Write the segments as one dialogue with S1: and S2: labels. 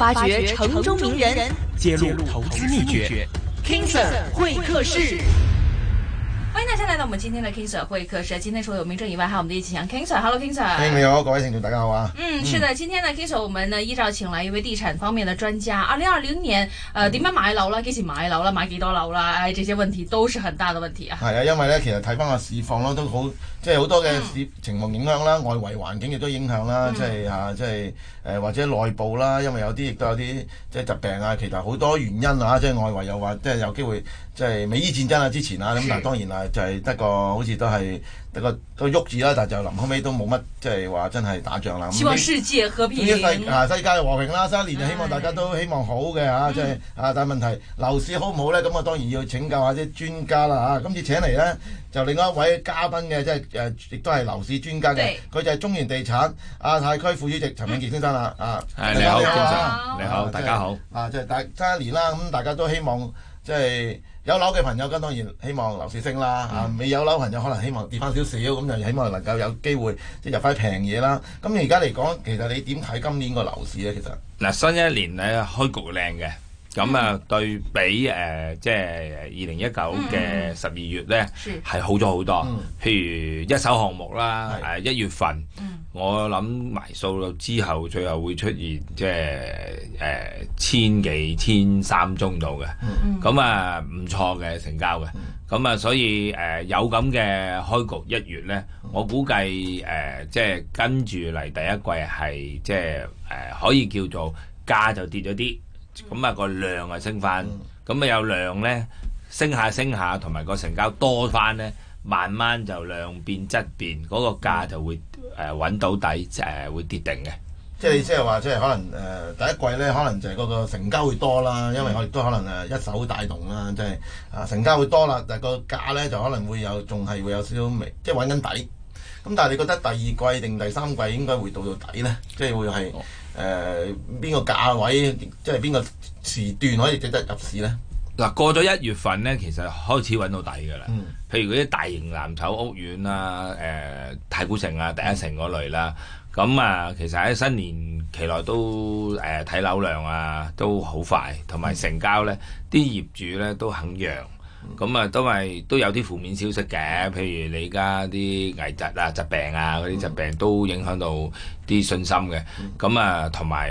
S1: 發掘城中名人，揭露投資秘訣。King Sir 會客室，歡迎大家來到我們今天的 King Sir 會客室。今天除咗有名人以外，還有我們的葉啟祥 King Sir。Hello King Sir，你好，
S2: 各位聽眾大家好啊。嗯，是的，今
S1: 天呢 King Sir，我們呢依照請來一位地產方面的專家。二零二零年，誒、呃，點樣買樓啦？幾時買樓啦？買幾多樓啦？唉，這些問題都是很大的問題啊。係
S2: 啊，因為呢，其實睇返個市況咯，都好。即係好多嘅情況影響啦，外圍環境亦都影響啦，即係啊，即係誒或者內部啦，因為有啲亦都有啲即係疾病啊，其實好多原因啊，即係外圍又話即係有機會即係美伊戰爭啊之前啊，咁但係當然啊就係得個好似都係。個個喐住啦，但就臨後尾都冇乜，即係話真係打仗啦。希望
S1: 世界和平。世啊，世界
S2: 和平啦，新一年就希望大家都希望好嘅啊，即係啊，就是嗯、但係問題樓市好唔好咧？咁我當然要請教下啲專、就是、家啦啊！今次請嚟咧就另外一位嘉賓嘅，即係誒，亦都係樓市專家嘅，佢對就係中原地產啊，亞太區副主席陳永傑先生啦、嗯、啊。係你好，你好，大家好。啊，即係大新一年啦，咁大家都希望即係。就是有樓嘅朋友咁當然希望樓市升啦吓，未有樓朋友可能希望跌翻少少，咁就希望能夠有機會即係入翻平嘢啦。咁而家嚟講，其實你點睇今年個樓市咧？其實
S1: 嗱，新一年咧開局靚嘅，咁啊對比誒即係，2019嘅十二月咧係好咗好多，譬如一手項目啦，誒一月份。我諗埋數咯，之後最後會出現即係誒千幾、千三宗度嘅，咁啊唔錯嘅成交嘅。咁啊所以誒有咁嘅開局一月咧，我估計誒即係跟住嚟第一季係即係誒可以叫做價就跌咗啲，咁啊個量啊升翻，咁啊有量咧升下升下，同埋個成交多翻咧。慢慢就量變質變，嗰、那個價就會誒揾、呃、到底，誒、呃、會跌定嘅。
S2: 即係即係話，即係可能誒、呃、第一季咧，可能就係嗰個成交會多啦，嗯、因為我亦都可能誒一手帶動啦，即係啊成交會多啦，但係個價咧就可能會有仲係會有少少微，即係揾緊底。咁、嗯、但係你覺得第二季定第三季應該會到到底咧？即係會係誒邊個價位，即係
S1: 邊個時段可以值得入市咧？嗱，過咗一月份咧，其實開始揾到底㗎啦。嗯、譬如嗰啲大型藍籌屋苑啊、誒、呃、太古城啊、第一城嗰類啦、啊，咁啊，其實喺新年期內都誒睇、呃、樓量啊，都好快，同埋成交咧，啲業主咧都肯讓，咁、嗯、啊都係都有啲負面消息嘅。譬如你而家啲危疾啊、疾病啊嗰啲疾病都影響到啲信心嘅，咁、嗯、啊同埋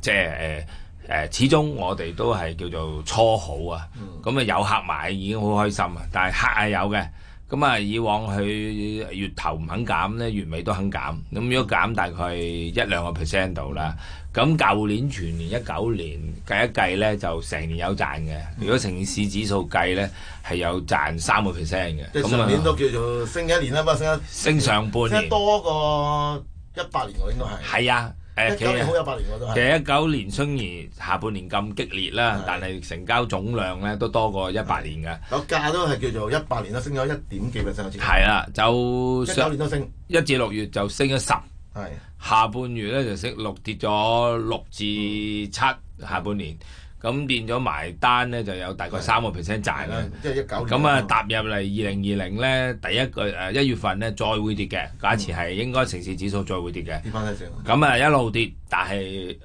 S1: 誒即係誒。誒，始終我哋都係叫做初好啊，咁啊、嗯嗯、有客買已經好開心啊，但係客係有嘅，咁、嗯、啊以往佢月頭唔肯減咧，月尾都肯減，咁、嗯、如果減大概一兩個 percent 度啦，咁舊、嗯嗯、年全年，年算一九年計一計咧，就成年有賺嘅，如果城市指數計咧係有賺三個 percent 嘅。咁、嗯、上年都
S2: 叫做升一年啦，不升一升上半年，升多過一八年我應該係。係
S1: 啊。一九年好一八年我都，其實一九年雖然下半年咁激烈啦，的但係成交總量咧都多過一八年嘅。個價都係叫做一八年,
S2: 年都升咗一點幾 percent。係
S1: 啦，就一九年都升一至六月就升咗十的，係下半月咧就升六跌咗六至七的下半年。咁變咗埋單咧，就有大概三個 percent 賺啦。即係一九年咁啊，踏入嚟二零二零咧，第一個誒一、呃、月份咧再會跌嘅，假設係應該城市指數再會跌嘅。跌咁、嗯、啊，一路跌，但係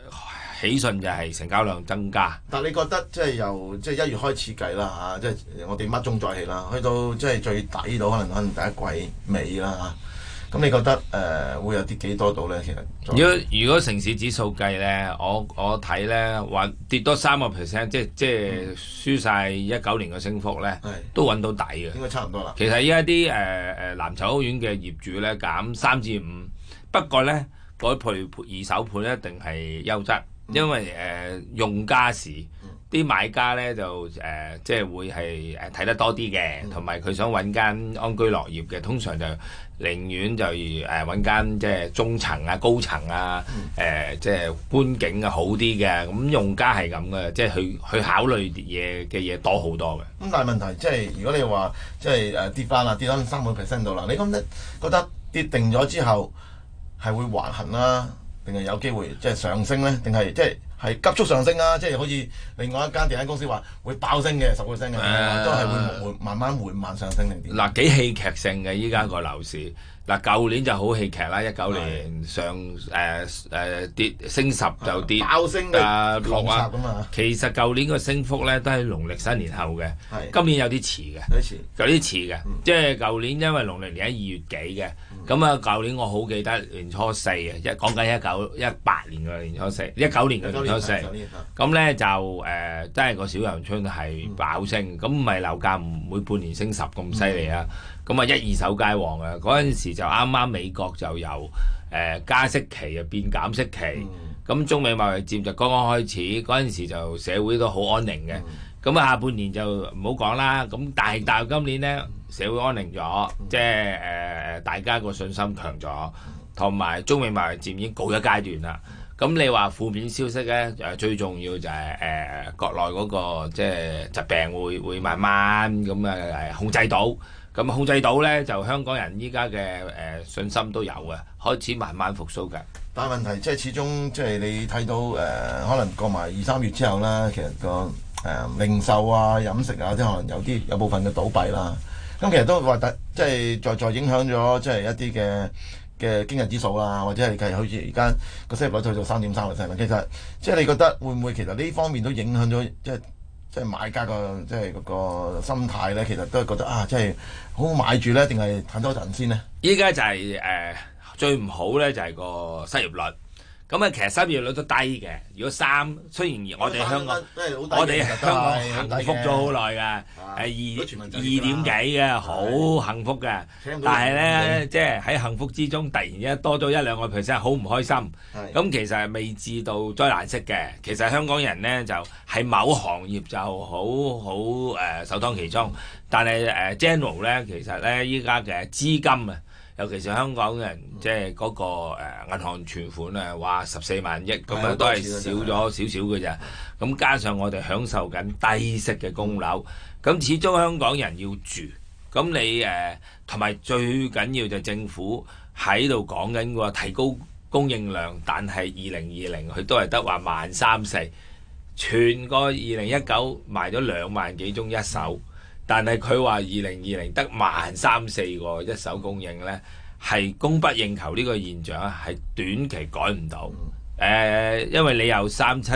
S1: 喜訊就係成交量增加。
S2: 但係你覺得即係由即係一月開始計啦嚇，即、啊、係、就是、我哋乜中再起啦，去到即係最底度，可能可能第一季尾啦嚇？啊。咁你覺得誒、呃、會有跌幾多度咧？
S1: 其實如果如果城市指數計咧，我我睇咧話跌多三個 percent，即係即係輸晒一九年嘅升幅咧，嗯、都揾到底嘅。應
S2: 該差唔多啦。其
S1: 實而家啲誒誒藍籌屋苑嘅業主咧減三至五，不過咧嗰啲配二手盤一定係優質，因為誒、嗯呃、用家時。啲買家咧就誒、呃，即係會係誒睇得多啲嘅，同埋佢想揾間安居樂業嘅，通常就寧願就誒揾間即係中層啊、高層啊，誒、嗯呃、即係觀景嘅好啲嘅。咁、嗯、用家係咁嘅，即係去去考慮嘢嘅嘢多好多嘅。
S2: 咁但係問題即係如果你話即係誒跌翻啦，跌翻三五 percent 度啦，你覺得得跌定咗之後係會橫行啦、啊，定係有機會即係上升咧，定係即係？即係急速上升啦、啊，即係好似另外一間電影公司話會爆升嘅十個升嘅，啊、都係會慢慢緩慢，慢
S1: 上升定點？嗱幾、啊、戲劇性嘅依家個樓市。嗱，舊年就好戲劇啦，一九年上誒誒跌升十就跌爆升啊！浪插咁啊！其實舊年個升幅咧都係農曆新年後嘅，今年有啲遲嘅，有啲遲嘅。即係舊年因為農曆新年喺二月幾嘅，咁啊舊年我好記得年初四啊，一講緊一九一八年嘅年初四，一九年嘅年初四。咁咧就誒，真係個小陽春係爆升，咁唔係樓價唔會半年升十咁犀利啊！咁啊，一二手皆旺啊！嗰陣時就啱啱美國就由誒、呃、加息期變減息期，咁、嗯、中美貿易戰就剛剛開始。嗰陣時就社會都好安寧嘅。咁啊、嗯，下半年就唔好講啦。咁但係但今年呢，社會安寧咗，即係誒、呃、大家個信心強咗，同埋中美貿易戰已經告一階段啦。咁你話負面消息呢，誒，最重要就係誒國內嗰、那個即係疾病會會慢慢咁啊控制到。咁控制到咧，就香港人依家嘅誒信心都有嘅，開始慢慢復甦嘅。
S2: 但係問題即係始終即係你睇到誒、呃，可能過埋二三月之後啦，其實、那個誒、呃、零售啊、飲食啊，即可能有啲有部分嘅倒閉啦。咁、嗯、其實都話第即係在在影響咗，即係一啲嘅嘅經日指數啊，或者係計好似而家個收入率退做三點三嘅 e r e n t 其實即係你覺得會唔會其實呢方面都影響咗即係？即係買家個即係嗰個心態咧，其實都係覺得啊，即係好好買住咧，定係睇多陣先咧？
S1: 依家就係誒最唔好咧，就係個失業率。咁啊，其實失業率都低嘅。如果三，雖然我哋香港，我哋香港幸福咗好耐㗎，係二二點幾嘅，好幸福嘅。是但係咧，即係喺幸福之中，突然間多咗一兩個 percent，好唔開心。咁是、嗯、其實係未至到災難式嘅。其實香港人咧就喺某行業就好好誒，首當、呃、其衝。但係誒、呃、general 咧，其實咧依家嘅資金啊～尤其是香港人、嗯、即係嗰個誒銀行存款啊，話十四萬億咁啊，嗯、樣都係少咗少少嘅啫。咁、嗯、加上我哋享受緊低息嘅供樓，咁、嗯、始終香港人要住。咁、嗯、你誒同埋最緊要就政府喺度講緊喎，提高供應量，但係二零二零佢都係得話萬三四，全個二零一九賣咗兩萬幾宗一手。但係佢話二零二零得萬三四個一手供應呢，係供不應求呢個現象啊，係短期改唔到。誒、呃，因為你由三七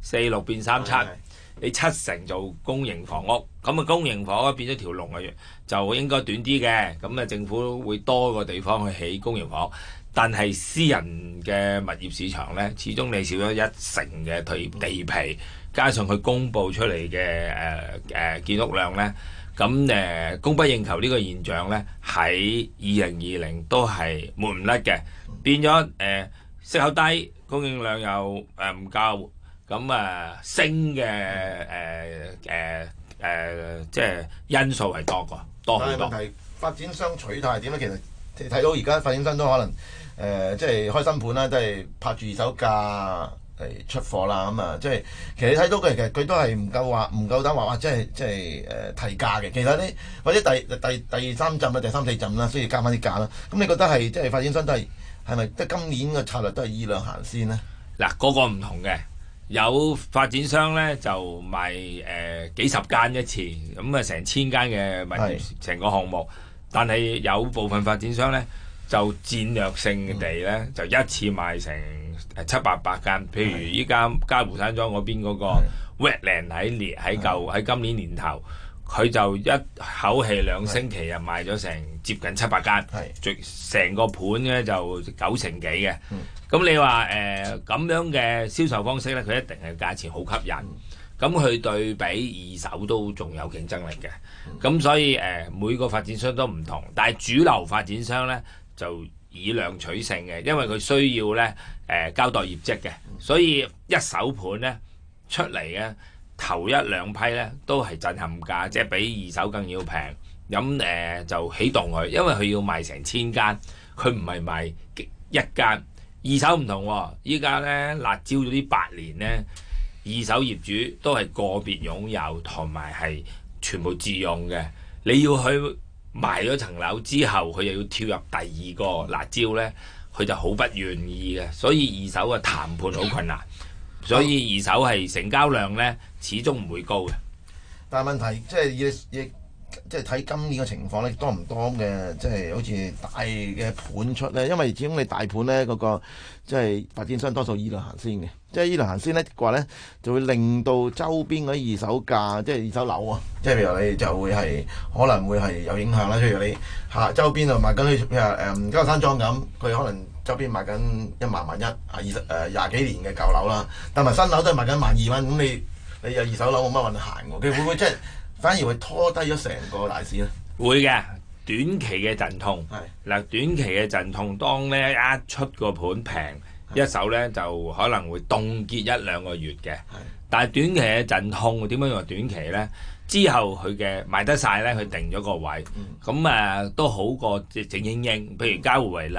S1: 四六變三七，你七成做公營房屋，咁啊公營房屋變咗條龍啊，就應該短啲嘅。咁啊政府會多個地方去起公營房，但係私人嘅物業市場呢，始終你少咗一成嘅地地皮。加上佢公布出嚟嘅誒誒建屋量咧，咁誒供不應求呢個現象咧，喺二零二零都係悶唔甩嘅。變咗誒、呃、息口低，供應量又誒唔夠，咁、呃、啊升嘅誒誒誒，即係因素係多過多好多。但係問題
S2: 發展商取態係
S1: 點咧？其實睇到而家發展商都可能誒、呃，即
S2: 係開新盤啦，都係拍住二手價。嚟出貨啦，咁、嗯、啊，即係其實你睇到佢，其實佢都係唔夠話，唔夠膽話，話即係即係誒、呃、提價嘅。其實咧，或者第第第三浸啦，第三四浸啦，需要加翻啲價啦。咁、嗯、你覺得係即係發展商都係係咪即係
S1: 今年嘅策略都係依兩行先咧？嗱，個個唔同嘅，有發展商咧就賣誒、呃、幾十間一次，咁啊成千間嘅咪成個項目，但係有部分發展商咧。就戰略性地咧，就一次賣成七八百間。譬如依家嘉湖山莊嗰邊嗰個 Wetland 喺列喺舊喺今年年頭，佢就一口氣兩星期啊賣咗成接近七百間，係成個盤咧就九成幾嘅。咁你話誒咁樣嘅銷售方式咧，佢一定係價錢好吸引。咁佢對比二手都仲有競爭力嘅。咁所以誒每個發展商都唔同，但係主流發展商咧。就以量取勝嘅，因為佢需要咧誒、呃、交代業績嘅，所以一手盤呢出嚟呢頭一兩批呢都係震撼價，即係比二手更要平，咁、嗯、誒、呃、就起動佢，因為佢要賣成千間，佢唔係賣一間。二手唔同、哦，依家呢，辣招咗啲八年呢，二手業主都係個別擁有同埋係全部自用嘅，你要去。賣咗層樓之後，佢又要跳入第二個辣招呢，佢就好不願意嘅，所以二手嘅談判好困難，所以二手係成交量呢，始終唔會高嘅。
S2: 但係問題即係即係睇今年嘅情況咧，多唔多嘅？即係好似大嘅盤出咧，因為始終你大盤咧嗰、嗰個即係發展商多數依度行先嘅，即係依度行先咧嘅話咧，就會令到周邊嗰啲二手價，即係二手樓啊，即係譬如你就會係可能會係有影響啦。譬如你下、啊、周邊度賣緊，譬如誒金華山莊咁，佢可能周邊賣緊一萬萬一，係二十誒廿、呃、幾年嘅舊樓啦，但係新樓都係賣緊萬二蚊，咁你你有二手樓冇乜運行佢會唔會即、就、係、是？ 反而會拖低咗成個大市
S1: 咧，會嘅短期嘅震痛。係嗱，短期嘅震痛，當咧一出個盤平一手咧，就可能會凍結一兩個月嘅。係，但係短期嘅震痛點樣用短期咧？之後佢嘅賣得晒咧，佢定咗個位，咁誒都好過即係整英英。譬如嘉匯為例，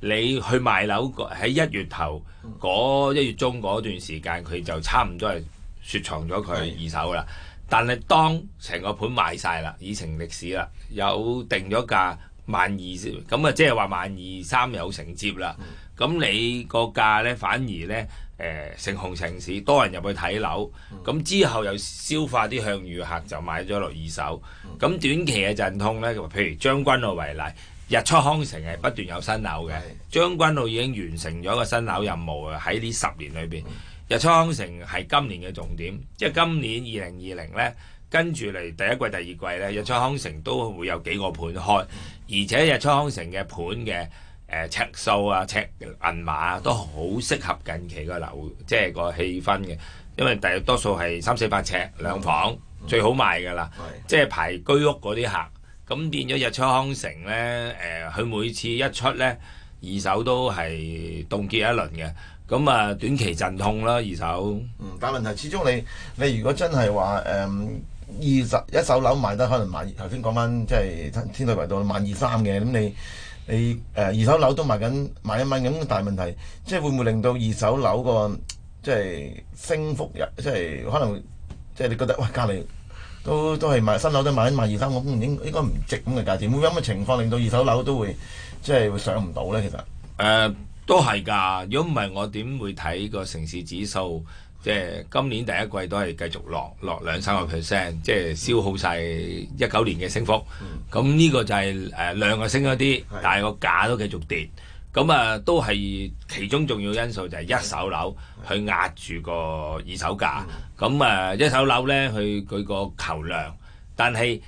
S1: 你去賣樓喺一月頭嗰一月中嗰段時間，佢就差唔多係雪藏咗佢二手啦。但係當成個盤賣晒啦，已成歷史啦，有定咗價萬二，咁啊即係話萬二三有承接啦。咁、嗯、你個價呢，反而呢，誒、呃、成紅城市，多人入去睇樓。咁、嗯、之後又消化啲向隅客就買咗落二手。咁、嗯、短期嘅陣痛呢，譬如將軍澳為例，日出康城係不斷有新樓嘅，將、嗯、軍澳已經完成咗個新樓任務啊！喺呢十年裏邊。嗯日出康城係今年嘅重點，即係今年二零二零呢，跟住嚟第一季、第二季呢，日出康城都會有幾個盤開，嗯、而且日出康城嘅盤嘅尺數啊、尺銀碼、啊、都好適合近期個樓，即係個氣氛嘅，因為大多數係三四百尺兩房、嗯、最好賣㗎啦，嗯嗯、即係排居屋嗰啲客，咁變咗日出康城呢，佢、呃、每次一出呢，二手都係凍結一輪嘅。咁啊，短期陣痛啦，二手。嗯，但係問題始終你
S2: 你如果真係話誒，二十一手樓賣得可能萬頭，先講返即係天天理圍到萬二三嘅，咁你你誒、呃、二手樓都賣緊萬一蚊咁、那個、大問題，即係會唔會令到二手樓個即係升幅即係可能即係你覺得喂，隔籬都都係賣新樓都賣緊萬二三咁，應應該唔值咁嘅價錢？會唔會咁嘅情況令到二手樓都會即係上唔到咧？其實誒。Uh,
S1: 都係㗎，如果唔係我點會睇個城市指數？即係今年第一季都係繼續落落兩三個 percent，即係消耗晒一九年嘅升幅。咁呢、嗯、個就係誒量就升咗啲，但係個價都繼續跌。咁啊，都係其中重要因素就係一手樓去壓住個二手價。咁啊，一手樓咧，佢佢個求量，但係。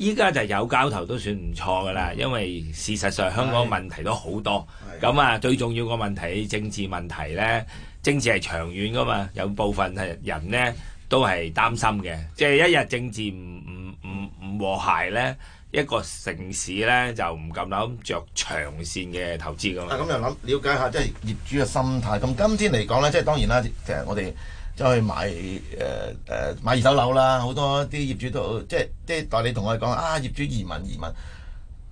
S1: 依家就有交投都算唔錯噶啦，因為事實上香港問題都好多，咁啊，最重要個問題政治問題呢，政治係長遠噶嘛，有部分係人呢都係擔心嘅，即係一日政治唔唔唔和諧呢，一個城市呢就唔敢諗着長線嘅投資噶嘛。咁又諗了解
S2: 下即係業主嘅心態，咁今天嚟講呢，即係當然啦，其實我哋。走去買誒誒、呃、買二手樓啦，好多啲業主都即係即係代理同我哋講啊，業主移民移民，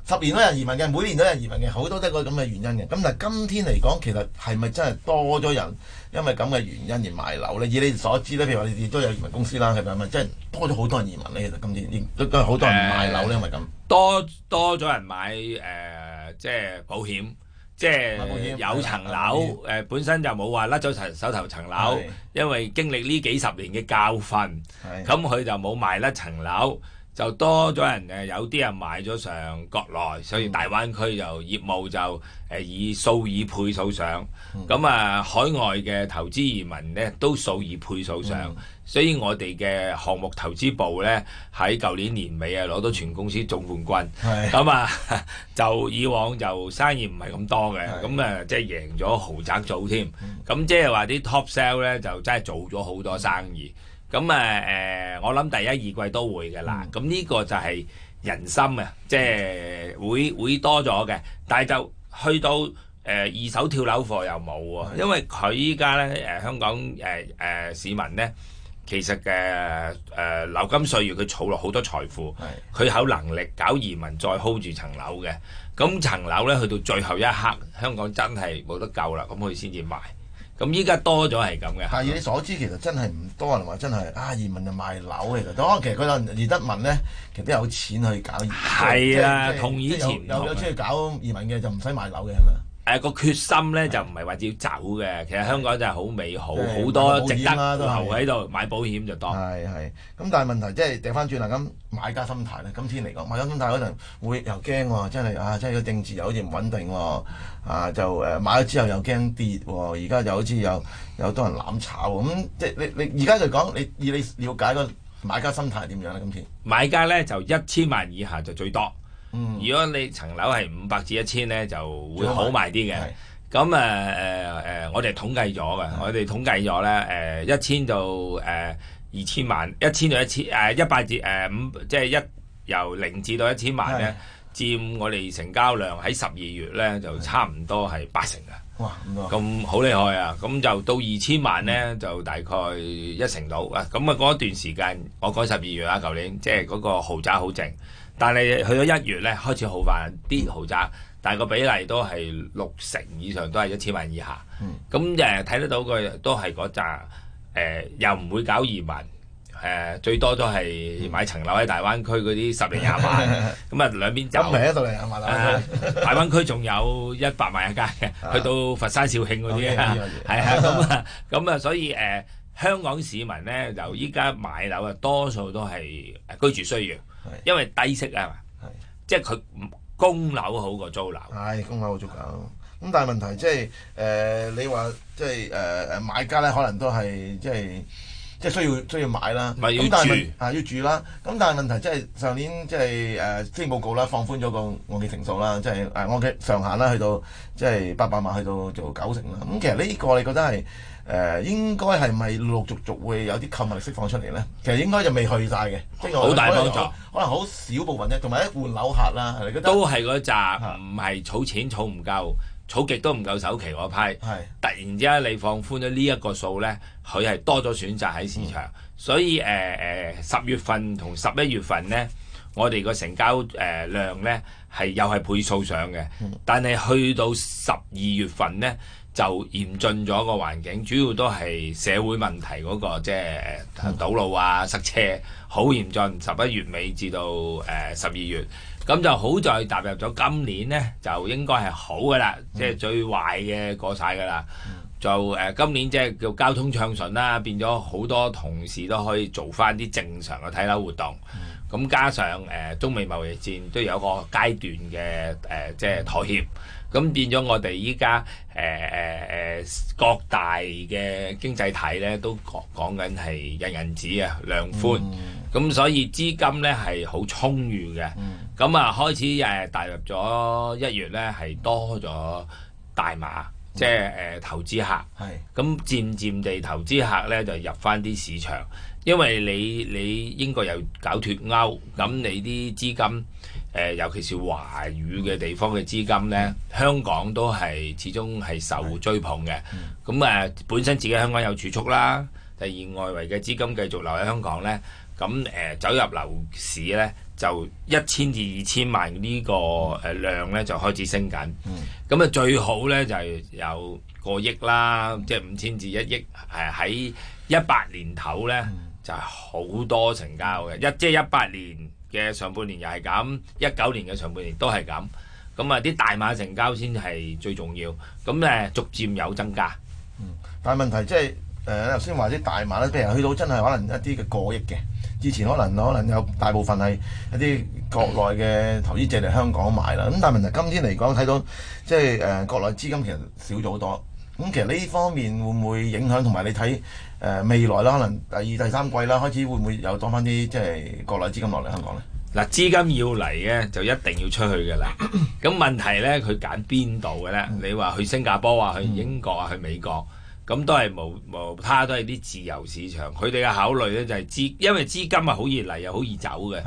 S2: 十年都有移民嘅，每年都有移民嘅，好多都係個咁嘅原因嘅。咁但係，今天嚟講，其實係咪真係多咗人因為咁嘅原因而買樓咧？以你所知咧，譬如話你亦都有移民公司啦，係咪咁？即係多咗好多人移民咧，其實今天都都好多人買樓咧，因為咁、呃、
S1: 多多咗人買誒、呃，即係保險。即係有層樓，誒，本身就冇話甩咗層手頭層樓，因為經歷呢幾十年嘅教訓，咁佢就冇賣甩層樓，就多咗人誒，有啲人買咗上國內，所以大灣區就業務就誒以數以倍數上，咁啊海外嘅投資移民呢都數以倍數上。所以我哋嘅項目投資部呢喺舊年年尾啊攞到全公司總冠軍，咁啊就以往就生意唔係咁多嘅，咁啊即係贏咗豪宅組添，咁即係話啲 top sell 呢就真係做咗好多生意，咁啊誒我諗第一二季都會嘅啦，咁呢個就係人心啊，即係會會多咗嘅，但係就去到誒二手跳樓貨又冇喎，因為佢依家呢誒香港誒誒市民呢。其實嘅誒流金歲月，佢儲落好多財富，佢的有能力搞移民再 hold 住層樓嘅。咁層樓咧，去到最後一刻，香港真係冇得救啦，咁佢先至賣。咁依家多咗係咁嘅。但以你所
S2: 知，其實真係唔多人話真係啊，移民就賣樓其實。當然其佢有陣移民咧，其實都有錢去搞移民，即啊，同以前同有有出去搞移民嘅就唔使賣樓嘅係咪？
S1: 誒個決心咧就唔係話要走嘅。其實香港就係好美好，好的多值得、啊、都留喺度買保險就多。係係。
S2: 咁但係問題即係掉翻轉啦，咁買家心態咧，今天嚟講買家心態可能會又驚喎，真係啊，即係個政治又好似唔穩定喎，啊就誒買咗之後又驚跌喎，而家就好似有有多人攬炒，咁即係你你而家就講你以你了解個買家心態係點樣咧？今次
S1: 買家咧就一千萬以下就最多。如果你層樓係五百至一千咧，就會好賣啲嘅。咁誒誒誒，我哋統計咗嘅，是的 我哋統計咗咧誒一千到誒二千萬，1, 1, 呃呃、5, 一千到一千誒一百至誒五，即係一由零至到一千萬咧，是的 佔我哋成交量喺十二月咧就差唔多係八成嘅。哇，咁好厲害啊！咁、嗯、就到二千萬咧就大概一成到。啊，咁啊嗰一段時間，我講十二月啊，舊年即係嗰個豪宅好靜。但係去咗一月咧，開始好翻啲豪宅，嗯、但係個比例都係六成以上都係一千萬以下。咁誒睇得到佢都係嗰扎誒，又唔會搞移民誒、呃，最多都係買層樓喺大灣區嗰啲十零廿萬。咁啊 兩邊走。咁唔係一度嚟啊嘛？大灣區仲有一百萬一間嘅，去到佛山肇慶嗰啲啊，係啊，咁啊咁啊，所以誒、呃、香港市民咧就依家買樓啊，多數都係居住需要。因為低息啊嘛，是即係佢唔供樓好過租樓。係、
S2: 哎、供樓好過租樓。咁、嗯、但係問題即係誒，你話即係誒誒買家咧，可能都係即係即係需要需要買啦。買要、嗯、但住啊要住啦。咁但係問題即、就、係、是、上年即係誒，經、呃、濟報告啦，放寬咗個按揭成數啦，即係誒按揭上限啦，去到即係八百萬，去到做九成啦。咁、嗯、其實呢個你覺得係？誒、呃、應該係咪陸陸續續會有啲購物力釋放出嚟呢？其實應該就未去晒嘅，即係我可能可能好大幫助，好少部分啫。同埋一換樓客啦，都係
S1: 嗰紮唔係儲錢儲唔夠，儲極都唔夠首期嗰批。是突然之間你放寬咗呢一個數呢，佢係多咗選擇喺市場。嗯、所以誒誒，十、呃、月份同十一月份呢，我哋個成交量呢，係又係倍數上嘅，但係去到十二月份呢，就嚴峻咗個環境，主要都係社會問題嗰、那個，即係堵路啊、塞車，好嚴峻。十一月尾至到誒十二月，咁就好在踏入咗今年呢，就應該係好噶啦，嗯、即係最壞嘅過晒噶啦。嗯、就誒、呃、今年即係叫交通暢順啦，變咗好多同事都可以做翻啲正常嘅睇樓活動。咁、嗯嗯、加上誒、呃、中美貿易戰都有個階段嘅誒、呃，即係妥協。咁變咗我哋依家誒誒誒各大嘅經濟體咧都講講緊係印銀紙啊、量寬，咁、嗯、所以資金咧係好充裕嘅。咁、嗯、啊開始誒踏、呃、入咗一月咧係多咗大馬，嗯、即係誒、呃、投資客。係咁、嗯、漸漸地投資客咧就入翻啲市場，因為你你，你英國又搞脱歐，咁你啲資金。誒、呃，尤其是華語嘅地方嘅資金咧，香港都係始終係受追捧嘅。咁誒，本身自己香港有儲蓄啦，第二外圍嘅資金繼續留喺香港咧，咁、嗯、誒、呃、走入樓市咧，就一千至二千萬、這個呃、呢個誒量咧就開始升緊。咁啊、嗯嗯嗯，最好咧就係、是、有個億啦，即係五千至一億誒喺一八年頭咧、嗯、就係好多成交嘅，一即係一八年嘅上半年又係咁，一九年嘅上半年都係咁，咁啊啲大碼成交先係最重要，咁咧逐漸有增加。嗯，
S2: 但問題即係誒頭先話啲大碼咧，譬如去到真係可能一啲嘅過億嘅，以前可能可能有大部分係一啲國內嘅投資者嚟香港買啦，咁但問題今天嚟講睇到即係誒國內資金其實少咗好多，咁其實呢方面會唔會影響同埋你睇？誒未來啦，可能第二第三季啦，開始會唔會有多翻啲即係國內資金落嚟香港咧？
S1: 嗱，資金要嚟咧就一定要出去㗎啦。咁 問題咧，佢揀邊度嘅咧？嗯、你話去新加坡啊，去英國啊，去美國，咁都係冇冇，無他都係啲自由市場。佢哋嘅考慮咧就係、是、資，因為資金係好易嚟又好易走嘅。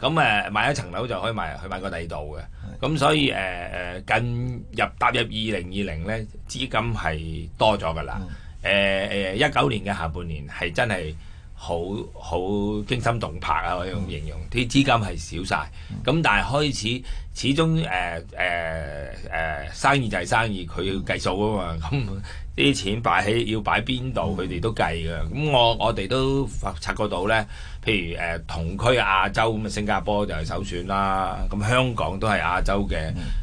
S1: 咁誒的、嗯、買一層樓就可以買去買個第二度嘅。咁的所以誒誒，近入踏入二零二零咧，資金係多咗㗎啦。嗯。誒誒一九年嘅下半年係真係好好驚心動魄啊！我用形容啲資金係少晒，咁但係開始始終誒誒誒生意就係生意，佢要計數啊嘛。咁啲錢擺喺要擺邊度，佢哋都計㗎。咁我我哋都察覺到咧，譬如誒同區亞洲咁啊，新加坡就係首選啦。咁香港都係亞洲嘅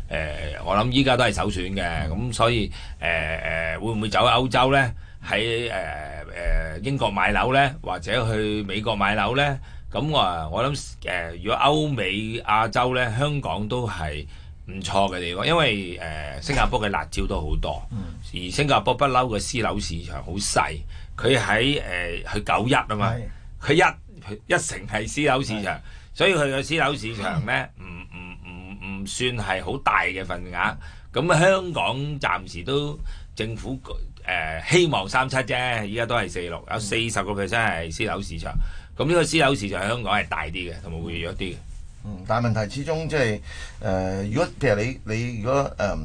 S1: 誒，我諗依家都係首選嘅。咁所以誒誒會唔會走歐洲咧？喺誒誒英國買樓咧，或者去美國買樓咧，咁我啊，我諗誒，如果歐美亞洲咧，香港都係唔錯嘅地方，因為誒新加坡嘅辣椒都好多，而新加坡不嬲嘅私樓市場好細，佢喺誒去九一啊嘛，佢一一成係私樓市場，所以佢嘅私樓市場咧，唔唔唔唔算係好大嘅份額，咁香港暫時都。政府誒、呃、希望三七啫，依家都係四六，6，有四十個 percent 係私樓市場。咁呢個私樓市場喺香港係大啲嘅，同埋會弱啲嘅。嗯，
S2: 但係問題始終即係誒，如、呃、果譬如你你如果誒。呃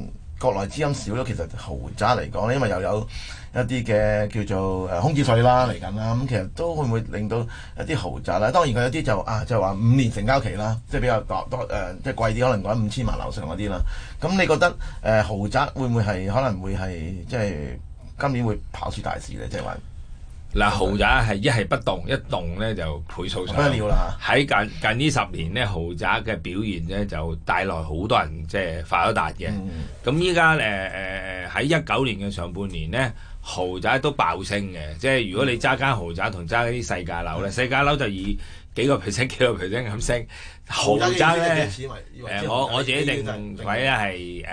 S2: 國內資金少咗，其實豪宅嚟講咧，因為又有一，一啲嘅叫做誒、呃、空置稅啦嚟緊啦，咁其實都會唔會令到一啲豪宅啦？當然佢有啲就啊，就係話五年成交期啦，即係比較多多、呃、即係貴啲，可能講五千萬樓上嗰啲啦。咁你覺得誒、呃、豪宅會唔會係可能會係
S1: 即係今年會跑輸大市咧？即係話。嗱，豪宅係一係不動，一動咧就倍數上。不得了啦！喺近近呢十年咧，豪宅嘅表現咧就帶來好多人即係發咗達嘅。咁依家誒誒誒喺一九年嘅上半年咧，豪宅都爆升嘅。即係如果你揸間豪宅同揸啲細價樓咧，細價樓就以。幾個 percent，幾個 percent 咁升豪宅咧？
S2: 誒，我我自己定位
S1: 咧係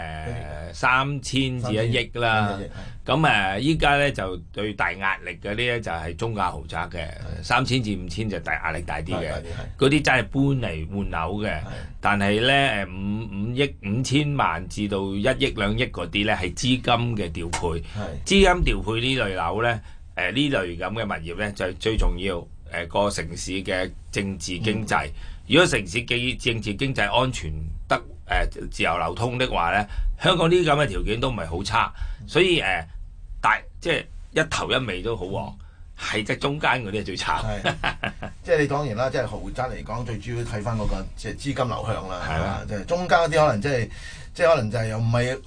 S1: 誒三千至一億啦。咁誒，依家咧就對大壓力嗰啲咧就係中價豪宅嘅三千至五千就大壓力大啲嘅。嗰啲真係搬嚟換樓嘅。但係咧誒五五億五千萬至到一億兩億嗰啲咧係資金嘅調配。資金調配呢類樓咧誒呢類咁嘅物業咧就係最重要。誒、呃、個城市嘅政治經濟，如果城市嘅政治經濟安全得誒、呃、自由流通的話咧，香港呢啲咁嘅條件都唔係好差，所以誒、呃、大即係一頭一尾都好旺，係是 即係中間嗰啲最差。
S2: 即係你當然啦，即係豪宅嚟講，最主要睇返嗰個即係資金流向啦，係啊，就是、啊，即係中間嗰啲可能即係即係可能就係又唔係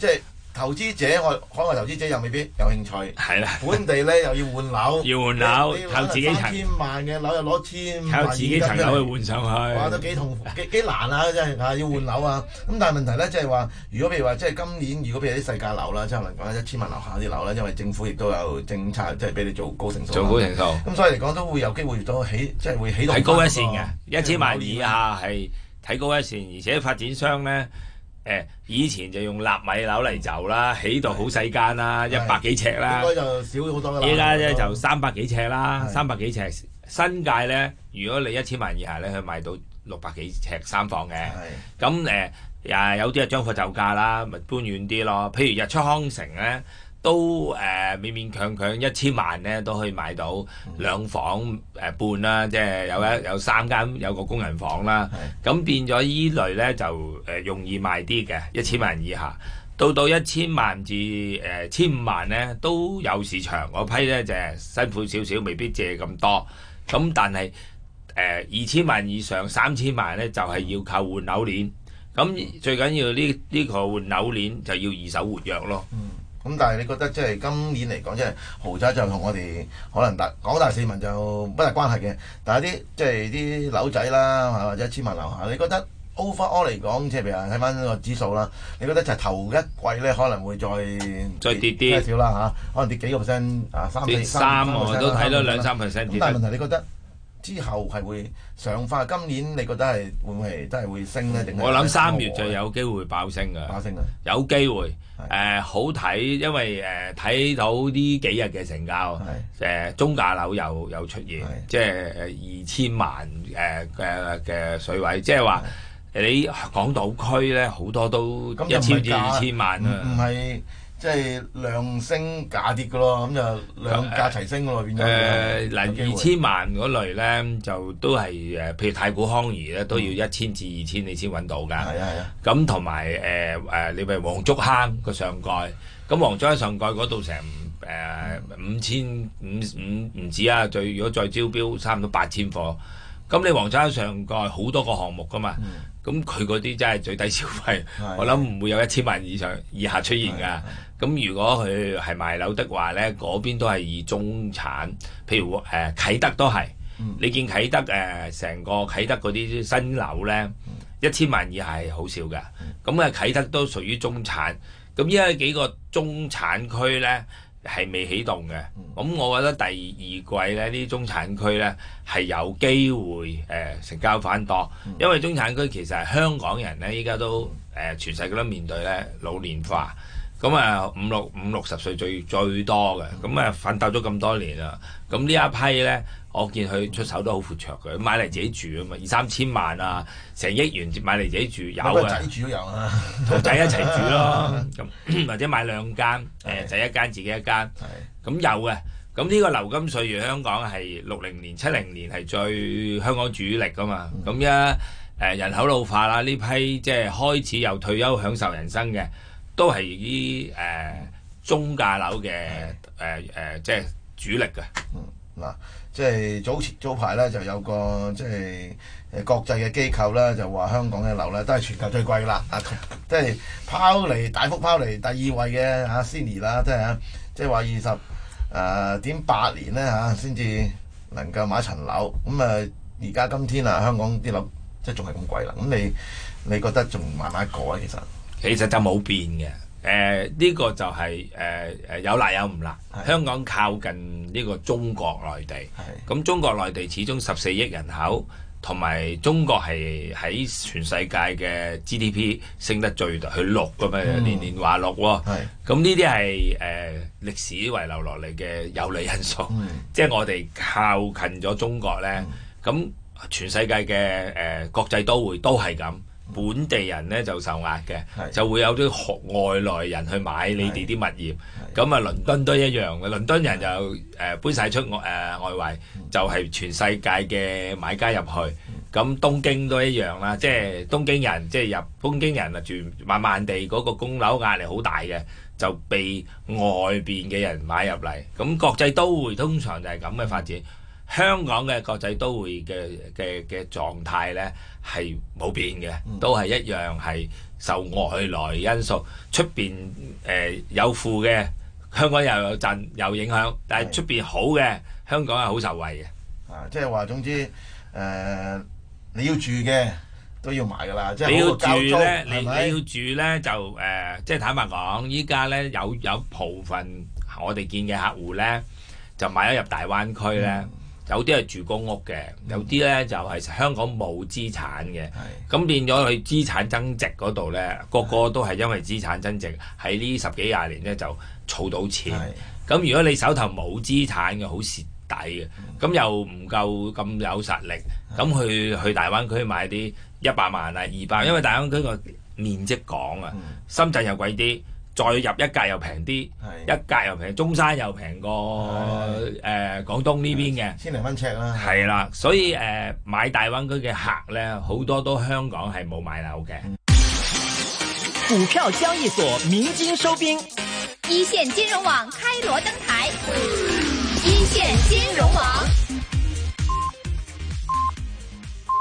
S2: 即係。投資者外海外投資者又未必有興趣，
S1: 係啦的。本地咧 又要換樓，要換樓靠你自己層千
S2: 萬嘅樓又攞千萬，靠自己層樓去換上去，哇都幾痛苦幾幾難啊真係嚇要換樓啊！咁但係問題咧即係話，如果譬如話即係今年，如果譬如啲細價樓啦，即係可能講一千萬樓下啲樓咧，因為政府亦都有政策即係俾你做高成數，做高成數，咁、嗯、所以嚟講都會有機會到起，即係會起到。睇高一線嘅、啊，
S1: 一千萬以下係睇高一線，而且發展商咧。誒以前就用納米樓嚟就啦，起到好細間啦，的一百幾尺啦，應該就
S2: 少好多啦。依家咧就三
S1: 百幾尺啦，的三百幾尺。新界咧，如果你一千萬以下咧，去買到六百幾尺三房嘅。咁誒的，啊、嗯呃、有啲係將貨就價啦，咪搬遠啲咯。譬如日出康城咧。都誒、呃、勉勉強強一千萬咧，都可以買到兩房誒、呃、半啦，即係有一有三間有個工人房啦。咁變咗依類咧就誒、呃、容易賣啲嘅，一千萬以下到到一千萬至誒千五萬咧都有市場。嗰批咧就係、辛苦少少，未必借咁多。咁但係誒二千萬以上三千萬咧就係、係、要靠換樓鏈。咁最緊要呢呢、呢個換樓鏈就要二手活躍咯。嗯
S2: 咁但係你覺得即係今年嚟講，即係豪宅就同我哋可能大廣大市民就不大關係嘅。但係啲即係啲樓仔啦，或者千萬樓下，你覺得 overall 嚟講，即係譬如睇翻個指數啦，你覺得就係頭一季咧可能會再再跌啲少啦嚇，可能跌幾個 percent 啊，三、四、三我都睇到兩三 percent。咁、啊、但係問題，你覺得之後係會上翻？嗯、今年你覺得係會唔會真係會升咧？定我諗三月
S1: 就有機會爆升㗎，爆升啊！有機會。誒、呃、好睇，因為誒睇、呃、到呢幾日嘅成交，誒是、呃、中價樓又又出現，是即係二千萬誒嘅嘅水位，即係話是你、啊、港島區咧好多都一千至二千萬啊！唔
S2: 係。即係量升價跌嘅咯，咁就量價齊升咯，變咗誒嗱二千
S1: 萬嗰類咧，就都係誒，譬如太古康怡咧，都要一千至二千你先揾到㗎。係啊係啊。咁同埋誒誒，你、呃、咪黃竹坑個上蓋，咁黃竹坑上蓋嗰度成誒五千五五唔止啊，再如果再招標，差唔多八千貨。咁你黃竹坑上蓋好多個項目㗎嘛？嗯咁佢嗰啲真係最低消費，的我諗唔會有一千萬以上以下出現㗎。咁的如果佢係賣樓的話呢，嗰邊都係以中產，譬如誒、呃、啟德都係，嗯、你見啟德誒成、呃、個啟德嗰啲新樓呢，一千萬以下係好少㗎。咁啊、嗯，啟德都屬於中產。咁依家幾個中產區呢？係未起動嘅，咁、嗯、我覺得第二季呢啲中產區呢係有機會誒、呃、成交反多，嗯、因為中產區其實係香港人呢，依家都誒、呃、全世界都面對呢老年化，咁啊五六五六十歲最最多嘅，咁啊奮鬥咗咁多年啦，咁呢一批呢。我見佢出手都好闊綽嘅，買嚟自己住啊嘛，二三千萬啊，成億元買嚟自己住有嘅，仔住都有啊，同仔一齊住咯咁，或者買兩間，誒仔一間，自己一間，咁有嘅。咁呢個流金歲月香港係六零年、七零年係最香港主力噶嘛。咁一誒人口老化啦，呢批即係開始又退休享受人生嘅，都係啲誒中價樓嘅誒誒，即係主力嘅。嗱，
S2: 即係早前早排咧就有個即係誒國際嘅機構咧就話香港嘅樓咧都係全球最貴啦、啊，即係拋嚟大幅拋嚟第二位嘅啊 Sydney 啦，即係啊，即係話二十誒點八年咧嚇先至能夠買一層樓，咁、嗯、啊而家今天啊香港啲樓即係仲係咁貴啦，咁、啊嗯、你你覺得
S1: 仲慢慢改其實？其實就冇變嘅。誒呢、呃這個就係誒誒有辣有唔辣，是的 香港靠近呢個中國內地，咁中國內地始終十四億人口，同埋中國係喺全世界嘅 GDP 升得最大，佢六咁樣年年話六喎，咁呢啲係誒歷史遺留落嚟嘅有利因素，即係我哋靠近咗中國呢，咁、嗯嗯嗯、全世界嘅誒、呃、國際都會都係咁。本地人咧就受壓嘅，是就會有啲外來人去買你哋啲物業。咁啊，倫敦都一樣嘅，倫敦人就誒、呃、搬晒出、出、呃、外誒外圍，嗯、就係全世界嘅買家入去。咁、嗯、東京都一樣啦，即係東京人即係入東京人啊住慢慢地嗰、嗰個供樓壓力好大嘅，就被外邊嘅人買入嚟。咁國際都會通常就係咁嘅發展。嗯香港嘅國際都會嘅嘅嘅狀態呢，係冇變嘅，嗯、都係一樣係受外來因素出邊誒有負嘅，香港又有震有影響，但係出邊好嘅，是香港係好受惠
S2: 嘅、啊。即係話總之誒、呃，你要住嘅都要買㗎啦。你要住呢，是是你要
S1: 住呢，就誒、呃，即係坦白講，依家呢，有有，有部分我哋見嘅客戶呢，就買咗入大灣區呢。嗯有啲係住公屋嘅，嗯、有啲呢就係、是、香港冇資產嘅，咁、嗯、變咗佢資產增值嗰度呢，個個都係因為資產增值喺呢十幾廿年呢，就儲到錢。咁、嗯、如果你手頭冇資產嘅，好蝕底嘅，咁、嗯、又唔夠咁有實力，咁、嗯、去去大灣區買啲一百萬啊、二百萬，因為大灣區個面積廣啊，嗯、深圳又貴啲。再入一格又平啲，的一格又平，中山又平過誒的、呃、廣東呢邊嘅千零蚊尺啦。係啦，所以誒、呃、買大灣區嘅客呢，好多都香港係冇買樓嘅。嗯、股票交易所明金收兵，一線金融網開鑼登台，一線金融網。